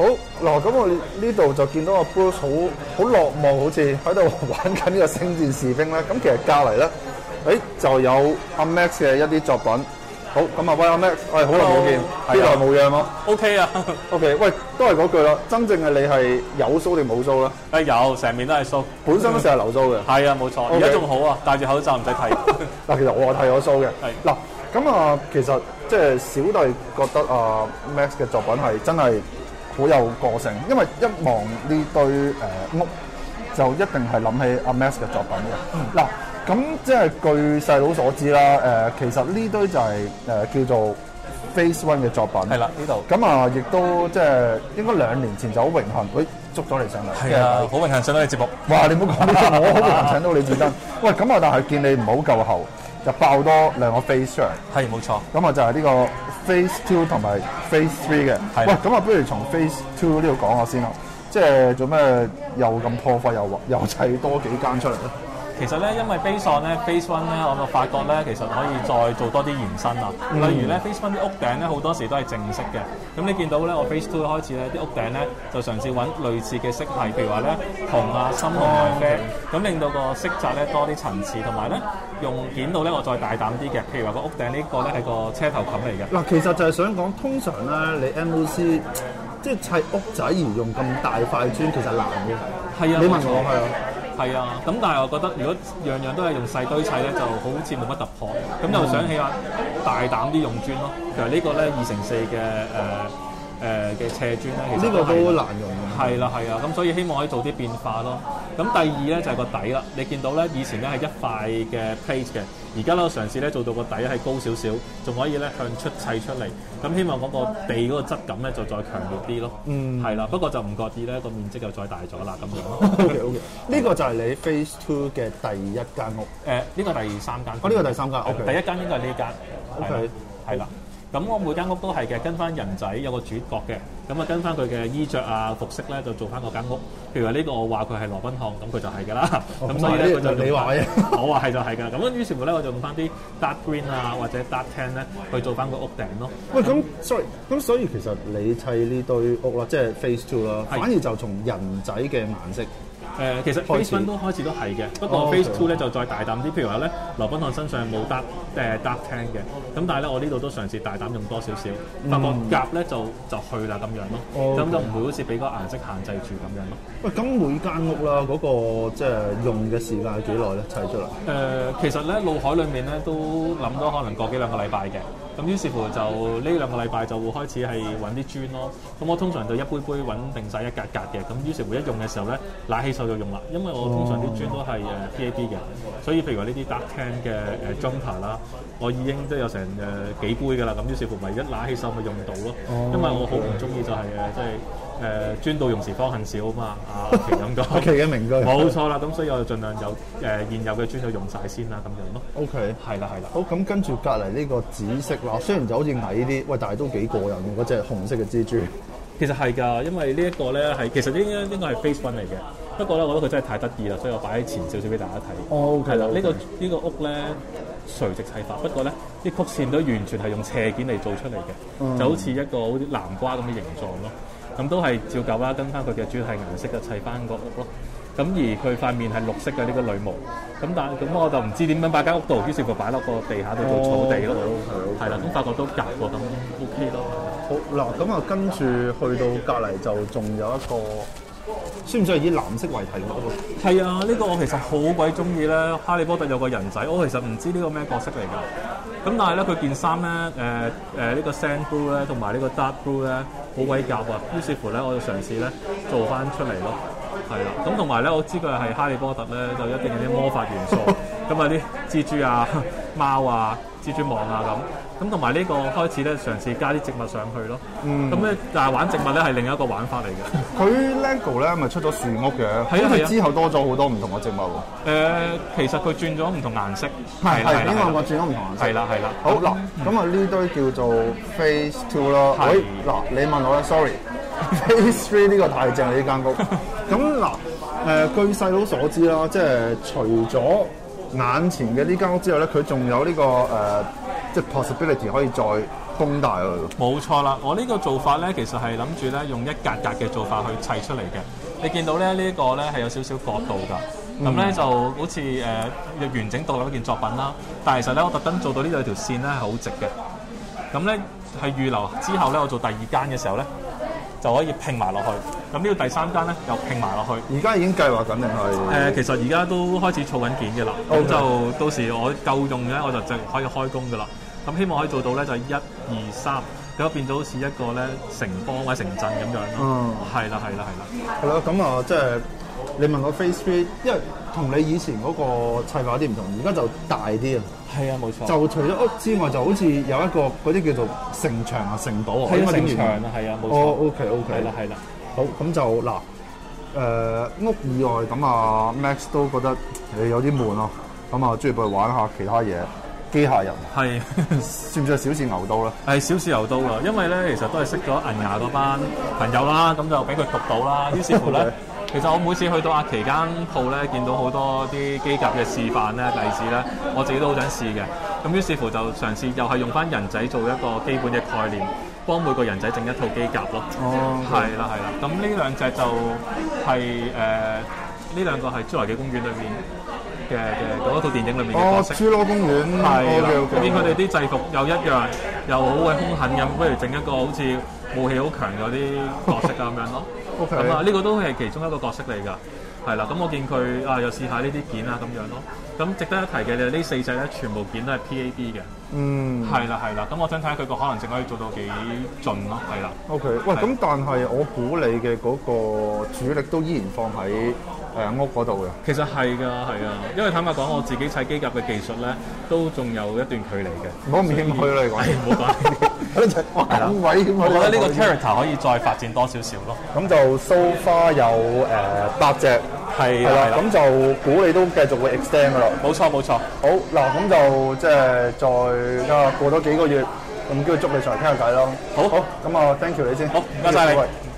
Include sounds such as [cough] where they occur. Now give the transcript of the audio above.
好嗱，咁我呢度就見到阿 Bruce 好好落寞，好似喺度玩緊呢個星戰士兵啦。咁其實隔離咧，誒、欸、就有阿、啊、Max 嘅一啲作品。好咁啊，喂阿、啊、Max，喂好耐冇見，幾耐冇樣咯？OK 啊，OK，喂，都係嗰句咯。真正嘅你係有鬚定冇鬚咧？誒、嗯、有成面都係鬚，本身都成日留鬚嘅。係 [laughs] 啊，冇錯，而家仲好啊，戴住口罩唔使剃。嗱，其實我係剃咗鬚嘅。係嗱，咁啊，其實即係小弟覺得啊 Max 嘅作品係真係。好有個性，因為一望呢堆誒屋，呃、 [noise] 就一定係諗起阿 Max 嘅作品嘅。嗱，咁即係據細佬所知啦。誒、呃，其實呢堆就係、是、誒、呃、叫做 Face One 嘅作品。係啦，呢度。咁啊，亦都即係應該兩年前就好榮幸，誒、哎，捉咗你上嚟。係啊的，好、嗯、榮幸上到你的節目。哇，你唔好講呢啲， [laughs] 我好榮幸請到你自身。喂，咁啊，但係見你唔好夠喉，就爆多兩個 Face One。係冇錯。咁啊 [laughs] [noise] 就係呢、這個。Phase two 同埋 Phase three 嘅，的喂，咁啊，不如從 Phase two 呢度講下先咯，即係做咩又咁破費又又砌多幾間出嚟咧？其實咧，因為 Base One 咧，Face One 咧，我就發覺咧，其實可以再做多啲延伸啊。嗯、例如咧，Face One 啲屋頂咧，好多時都係正式嘅。咁你見到咧，我 Face Two 開始咧，啲屋頂咧就嘗試揾類似嘅色系，譬如話咧紅啊、深紅、啡、嗯，咁令到個色澤咧多啲層次，同埋咧用件度咧我再大膽啲嘅。譬如話個屋頂呢個咧係個車頭冚嚟嘅。嗱，其實就係想講，通常咧你 MOC 即係砌屋仔而用咁大塊磚，其實難嘅。係啊的，你問我係啊。係啊，咁但係我覺得如果樣樣都係用細堆砌咧，就好似冇乜突破。咁就想起下，大膽啲用磚咯。其實呢個咧二乘四嘅誒誒嘅斜磚咧，其實呢、呃呃、個都好難用嘅。係啦，係啊，咁所以希望可以做啲變化咯。咁第二咧就係、是、個底啦，你見到咧以前咧係一塊嘅 plate 嘅，而家咧我嘗試咧做到個底係高少少，仲可以咧向出砌出嚟。咁希望嗰個地嗰個質感咧就再強烈啲咯。嗯，係啦，不過就唔覺意咧個面積又再大咗啦咁樣。 [laughs] OK OK，呢 [laughs] 個就係你 Phase Two 嘅第一間屋。誒、呃，呢、這個第三間。哦，呢個第三間。OK。第一間應該係呢間。OK。係啦。咁我每間屋都係嘅，跟翻人仔有個主角嘅，咁啊跟翻佢嘅衣着啊服飾咧，就做翻嗰間屋。譬如話呢個我話佢係羅賓漢，咁佢就係嘅啦。咁、哦、所以咧佢你就你話嘅，我話係就係嘅。咁啊於是乎咧，我就用翻啲 dark green 啊或者 dark tan 咧去做翻個屋頂咯。喂，咁 sorry 咁所以其實你砌呢堆屋啦，即係 phase two 啦，是的 反而就從人仔嘅顏色。誒、呃、其實 Phase 1都開始都係嘅，不過 Phase 2咧就再大膽啲。譬如話咧，羅賓漢身上冇搭誒搭聽嘅，咁但係咧我呢度都嘗試大膽用多少少，發覺夾咧就就去啦咁樣咯，咁 Okay. 就唔會好似俾個顏色限制住咁樣咯。喂，咁每間屋啦，嗰個即係用嘅時間係幾耐咧？砌出嚟？誒，其實咧腦海裡面咧都諗咗可能過幾兩個禮拜嘅。咁於是乎就呢兩個禮拜就會開始係揾啲磚咯。咁我通常就一杯杯揾定晒一格格嘅。咁於是乎一用嘅時候咧，拿起手就用啦。因為我通常啲磚都係誒 PAB 嘅，所以譬如話呢啲 dark tan 嘅誒 drum pad 啦，呃、unter, 我已經都有成誒、呃、幾杯㗎啦。咁於是乎咪一拿起手咪用到咯。嗯、因為我好唔中意就係、是、誒、呃、即係。誒、呃，磚到用時方恨少啊嘛！啊，奇咁講，奇嘅名句，冇、嗯、錯啦。咁 [laughs] 所以我就儘量有誒、呃、現有嘅磚就用晒先啦，咁 Okay. 樣咯。O K，係啦，係啦。好，咁跟住隔離呢個紫色，哇，雖然就好似矮啲，喂，但係都幾過人用嗰隻紅色嘅蜘蛛。其實係㗎，因為呢一個咧係其實呢個呢個係 Facebook 嚟嘅，不過咧我覺得佢真係太得意啦，所以我擺喺前少少俾大家睇。O K，啦，呢 okay.、這個呢、這個屋咧垂直砌法，不過咧啲曲線都完全係用斜件嚟做出嚟嘅，mm. 就好似一個好似南瓜咁嘅形狀咯。咁、嗯、都係照舊啦，跟翻佢嘅主要係顏色嘅砌翻個屋咯。咁而佢塊面係綠色嘅呢、呢個女巫。咁但係咁我就唔知點樣擺間屋度，於是佢擺落個地下度做草地咯。係啦，都、嗯、發覺都夾喎，咁、嗯、OK 咯。好嗱，咁啊、嗯、以跟住去到隔離就仲有一個。 [laughs] 算唔算係以藍色為題目？係啊，呢、呢個我其實好鬼中意咧。哈利波特有個人仔，我其實唔知呢個咩角色嚟噶。咁但係咧，佢件衫咧，誒、呃、誒，呃呢個、呢個 Sand Blue 咧，同埋呢個 Dark Blue 咧，好鬼夾啊！於是乎咧，我就嘗試咧做翻出嚟咯。係啦、啊，咁同埋咧，我知佢係哈利波特咧，就一定有啲魔法元素，咁啊啲蜘蛛啊、貓啊、蜘蛛網啊咁。咁同埋呢個開始咧，嘗試加啲植物上去咯。嗯。咁咧，但係玩植物咧係另一個玩法嚟嘅。佢 LEGO 咧，咪出咗樹屋嘅。係啊，之後多咗好多唔同嘅植物。誒，其實佢轉咗唔同顏色。係係。邊個轉咗唔同顏色？係啦係啦。好嗱，咁啊呢堆叫做 Phase Two 啦。係。嗱，你問我啦 sorry，Phase Three 呢個太正呢間屋。咁嗱，誒據細佬所知啦，即係除咗眼前嘅呢間屋之外咧，佢仲有呢個誒。即係 possibility 可以再放大去。冇錯啦，我呢個做法咧，其實係諗住咧用一格格嘅做法去砌出嚟嘅。你見到咧呢一個咧係有少少角度㗎，咁咧就好似誒若完整到兩件作品啦。但係其實咧我特登做到條呢兩條線咧係好直嘅。咁咧係預留之後咧，我做第二間嘅時候咧。就可以拼埋落去，咁呢個第三間咧又拼埋落去。而家已經計劃緊定係。誒、嗯，其實而家都開始儲緊件嘅啦，Okay. 就到時我夠用嘅咧，我就就可以開工嘅啦。咁希望可以做到咧，就係一、二、三，咁變咗好似一個咧城邦或者城鎮咁樣咯。係啦、嗯，係啦，係啦。係咯，咁啊，即係、就是。你問我 Facebook，因為同你以前嗰個砌法有啲唔同，而家就大啲啊。係啊，冇錯。就除咗屋之外，就好似有一個嗰啲叫做城牆啊、城堡啊，咁樣啊，城牆啊，係、哦 okay, okay、啊，冇錯、啊。o k o k 係啦，係啦。好，咁就嗱，誒、呃、屋以外，咁、嗯、啊 Max 都覺得誒有啲悶咯、啊，咁啊中意俾佢玩下其他嘢，機械人。係、啊，算唔算小試牛刀啦？係小試牛刀啊，因為咧其實都係識咗銀牙嗰班朋友啦，咁就俾佢讀到啦，於是乎咧。 [laughs] 其實我每次去到阿奇間鋪咧，見到好多啲機甲嘅示範咧、例子咧，我自己都好想試嘅。咁於是乎就嘗試，又係用翻人仔做一個基本嘅概念，幫每個人仔整一套機甲咯。哦，係啦，係啦。咁呢、嗯、兩隻就係、是、誒，呢、呃、兩個係《侏羅紀公園》裏面嘅嘅嗰一套電影裏面嘅角色。哦，《侏羅公園》的，係啦、哦，見佢哋啲制服又一樣。又好鬼凶狠咁，不如整一個好似武器好強嗰啲角色咁樣咯。O K。咁啊，呢個都係其中一個角色嚟㗎，係啦。咁我見佢啊，又試下呢啲件啊咁樣咯。咁值得一提嘅就係呢四隻咧，全部件都係 P A B 嘅。嗯。係啦，係啦。咁我想睇下佢個可能性可以做到幾盡咯。係啦。O K。喂，咁但係我估你嘅嗰個主力都依然放喺屋度嘅，其實係噶，係啊！因為坦白講，我自己砌機甲嘅技術咧，都仲有一段距離嘅。唔好咁謙虛啦講，冇講，嗰隻位。我覺得呢個 character 可以再發展多少少咯。咁就 so far 有誒八隻，係啦，咁就估你都繼續會 extend 嘅啦。冇錯，冇錯。好嗱，咁就即係再啊過多幾個月，咁叫佢捉你上嚟傾下偈咯。好好，咁啊，thank you 你先，好，唔該晒你。